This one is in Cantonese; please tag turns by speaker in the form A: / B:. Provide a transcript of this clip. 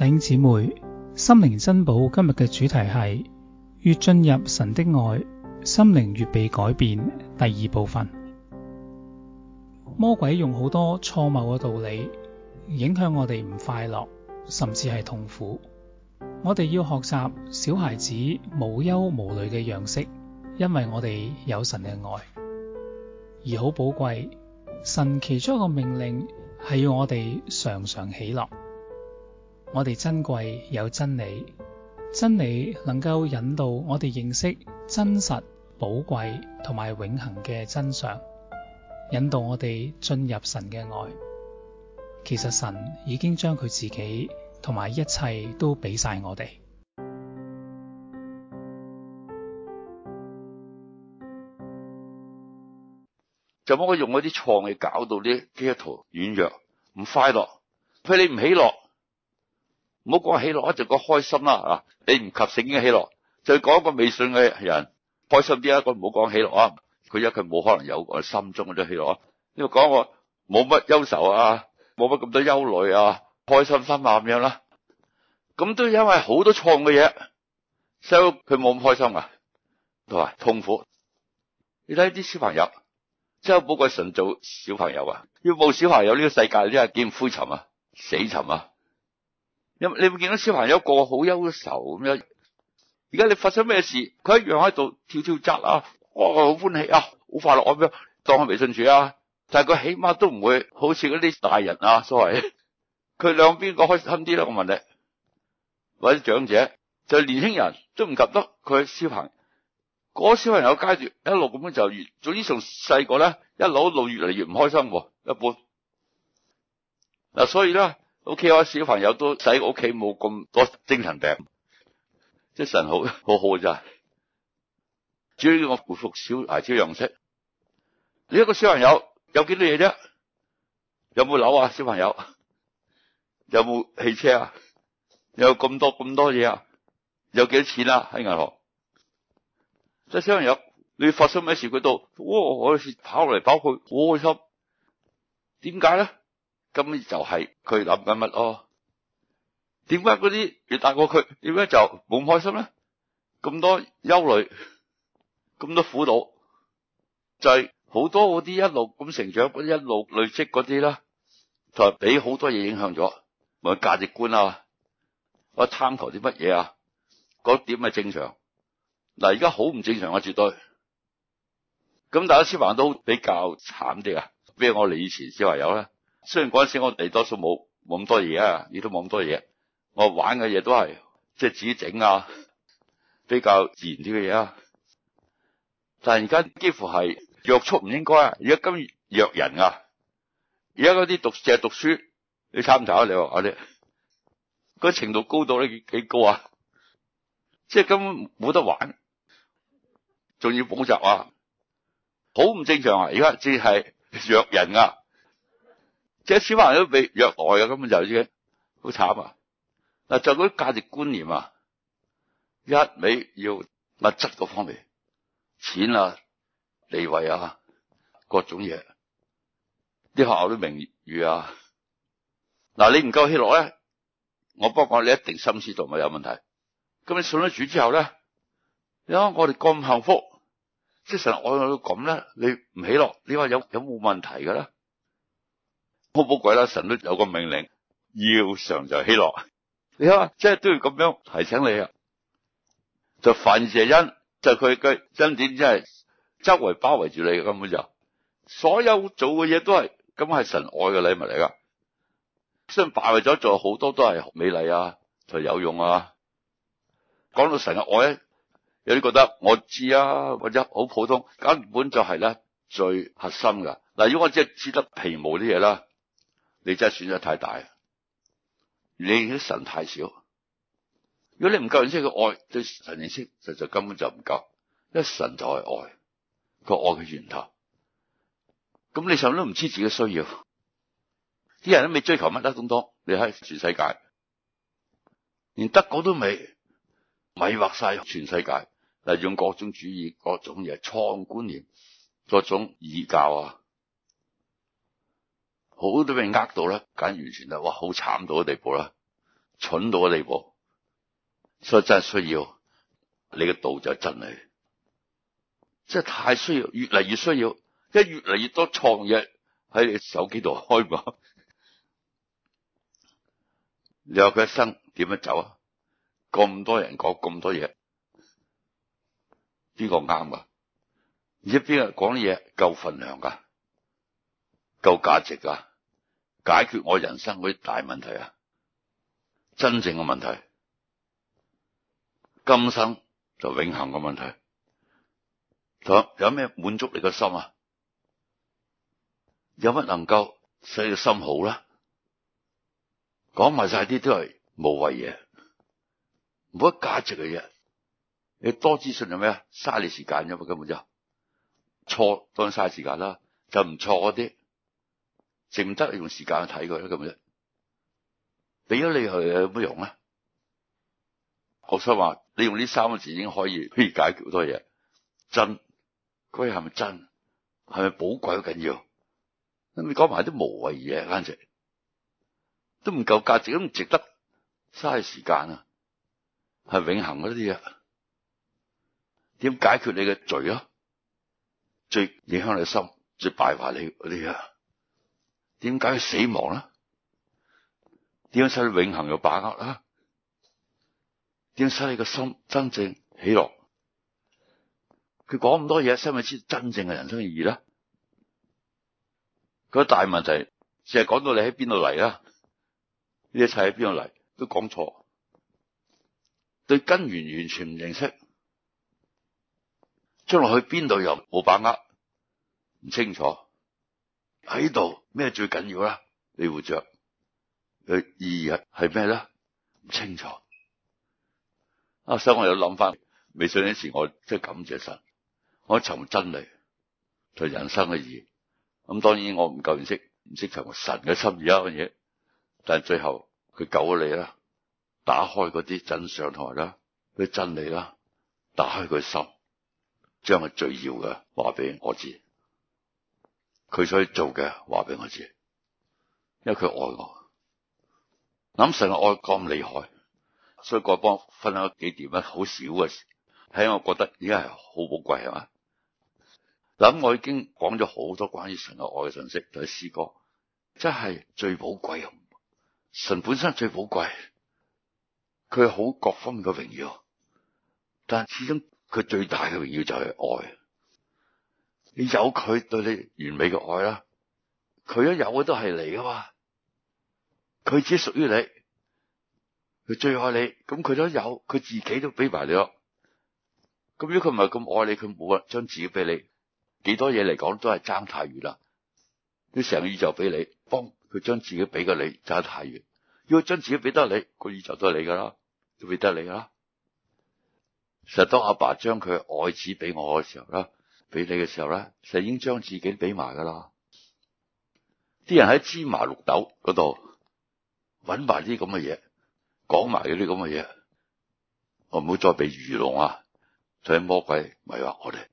A: 弟兄姊妹，心靈珍寶今日嘅主題係越進入神的愛，心靈越被改變。第二部分，魔鬼用好多錯謬嘅道理影響我哋唔快樂，甚至係痛苦。我哋要學習小孩子無憂無慮嘅樣式，因為我哋有神嘅愛而好寶貴。神其中一個命令係要我哋常常喜樂。我哋珍貴有真理，真理能夠引導我哋認識真實、寶貴同埋永恆嘅真相，引導我哋進入神嘅愛。其實神已經將佢自己同埋一切都俾晒我哋。
B: 就冇我用嗰啲創意搞到啲基督徒軟弱唔快樂，譬如你唔喜樂。唔好講喜樂，就講開心啦，啊！你唔及聖經嘅喜樂，就講一個未信嘅人開心啲啊！個唔好講喜樂啊，佢因佢冇可能有心中嗰喜樂啊。你講我冇乜憂愁啊，冇乜咁多憂慮啊，開心心啊咁樣啦。咁都因為好多創嘅嘢，所以佢冇咁開心啊。同埋痛苦。你睇啲小朋友，即係冇鬼神做小朋友啊，要冇小朋友呢個世界真係幾灰沉啊，死沉啊！你會見到小朋友個個好憂愁咁樣，而家你發生咩事，佢一樣喺度跳跳扎啊，哇，好歡喜啊，好快樂咁樣，當佢未信主啊。但係佢起碼都唔會好似嗰啲大人啊，所謂佢兩邊個開心啲啦。我問你，或者長者就年輕人都唔及得佢小朋友。嗰個小朋友階段一路咁樣就越，總之從細個咧，一路一路越嚟越唔開心喎、啊，一般。嗱、啊，所以咧。屋、okay，企我小朋友都使屋企冇咁多精神病，即神好好好咋，主要我回復小孩超樣識。你、這、一個小朋友有幾多嘢啫？有冇樓啊？小朋友有冇汽車啊？有咁多咁多嘢啊？有幾多錢啊？喺銀行。即小朋友你發生咩事佢都，哇、哦！我跑嚟跑去好開心。點解咧？咁就係佢諗緊乜咯？點解嗰啲越大過佢，點解就冇開心咧？咁多憂慮，咁多苦惱，就係、是、好多嗰啲一路咁成長，一路累積嗰啲啦，同埋俾好多嘢影響咗，咪、就、價、是、值觀啊，我貪求啲乜嘢啊？嗰點咪正常嗱？而家好唔正常啊，絕對咁。大家小朋友都比較慘啲啊，比如我哋以前小朋友有啦雖然嗰陣時我哋多數冇冇咁多嘢啊，亦都冇咁多嘢。我玩嘅嘢都係即係自己整啊，比較自然啲嘅嘢啊。但係而家幾乎係約束唔應該啊，而家今日虐人啊！而家嗰啲讀淨係讀書，你參啊，你話我哋，個程度高度咧幾高啊！即係根本冇得玩，仲要補習啊，好唔正常啊！而家即係虐人啊！即係小朋友都被虐待嘅，根本就已經好慘啊！嗱，就嗰啲價值觀念啊，一味要物質嗰方面，錢啊、地位啊、各種嘢，啲學校都名譽啊，嗱，你唔夠喜樂咧，我不講你，你一定心思度咪有問題。咁你信咗主之後咧，呀，我哋咁幸福，即係神愛我到咁咧，你唔喜樂，你話有有冇問題㗎啦好寶貴啦！神都有個命令，要常在喜樂。你睇下，即係都要咁樣提醒你啊。就凡謝恩，就佢嘅恩典，即係周圍包圍住你，根本就所有做嘅嘢都係咁係神愛嘅禮物嚟噶。雖然包圍咗做好多都係美麗啊，就是、有用啊。講到神嘅愛咧，有啲覺得我知啊，或者好普通，根本就係咧最核心㗎。嗱。如果我只係知得皮毛啲嘢啦。你真係選擇太大，你啲神太少。如果你唔夠認識佢愛，對神認識實在根本就唔夠。因為神就係愛，個愛嘅源頭。咁你上都唔知自己的需要，啲人都未追求乜得咁多。你喺全世界，連德國都未迷惑晒全世界，嚟用各種主義、各種嘢、創觀念、各種異教啊！好多俾人呃到啦，簡完全係！哇，好慘到嘅地步啦，蠢到嘅地步，所以真係需要你嘅道就真係，真係太需要，越嚟越需要，一越嚟越多創業喺你手機度開播。你話佢一生點樣走啊？咁多人講咁多嘢，邊個啱啊？而家邊個講嘢夠份量噶，夠價值噶？解決我人生嗰啲大問題啊，真正嘅問題，今生就永恒嘅問題。有有咩滿足你個心啊？有乜能夠使你個心好咧？講埋晒啲都係無謂嘢，冇乜價值嘅嘢。你多資訊係咩啊？嘥你時間啫嘛，根本就錯當嘥時間啦，就唔錯嗰啲。淨得用時間去睇佢咧，咁啫，俾咗你去有乜用啊？我想話你用呢三個字已經可以可以解決好多嘢。真佢係咪真？係咪寶貴好緊要？咁你講埋啲無謂嘢，簡直都唔夠價值，都唔值得嘥時間啊！係永恆嗰啲嘢，點解決你嘅罪咯？最影響你心，最敗壞你嗰啲嘢。點解佢死亡呢？點樣使你永恒有把握啦？點樣使你個心真正喜樂？佢講咁多嘢，使咪知真正嘅人生意義呢？佢個大問題，淨係講到你喺邊度嚟啦？呢一切喺邊度嚟都講錯，對根源完全唔認識，將來去邊度又冇把握，唔清楚。喺度咩最緊要啦？你活着佢意義係咩咧？唔清楚。阿生，我有諗翻，未信嗰時我即係感謝神，我尋真理就人生嘅意義。咁當然我唔夠認識，唔識尋神嘅心意一樣嘢。但係最後佢救咗你啦，打開嗰啲真相同埋啦，啲真理啦，打開佢心，將佢最要嘅話俾我知。佢所做嘅話俾我知，因為佢愛我。諗神嘅愛咁厲害，所以各位幫我分享幾點咧，好少嘅事，係因為我覺得依家係好寶貴係嘛。諗我已經講咗好多關於神嘅愛嘅信息，就係詩歌，真係最寶貴。神本身最寶貴，佢好各方面嘅榮耀，但係始終佢最大嘅榮耀就係愛。你有佢對你完美嘅愛啦，佢一有嘅都係你噶嘛，佢只屬於你，佢最愛你，咁佢都有佢自己都俾埋你咯，咁如果佢唔係咁愛你，佢冇呀將自己俾你，幾多嘢嚟講都係爭太遠啦，佢成個宇宙俾你，幫佢將自己俾個你爭太遠，如果將自己俾得你，那個宇宙都係你噶啦，都俾得你噶啦，其實當阿爸將佢愛子俾我嘅時候啦。俾你嘅時候咧，就已經將自己俾埋噶啦。啲人喺芝麻綠豆嗰度揾埋啲咁嘅嘢，講埋嗰啲咁嘅嘢，我唔好再俾愚弄啊！就係魔鬼迷惑我哋。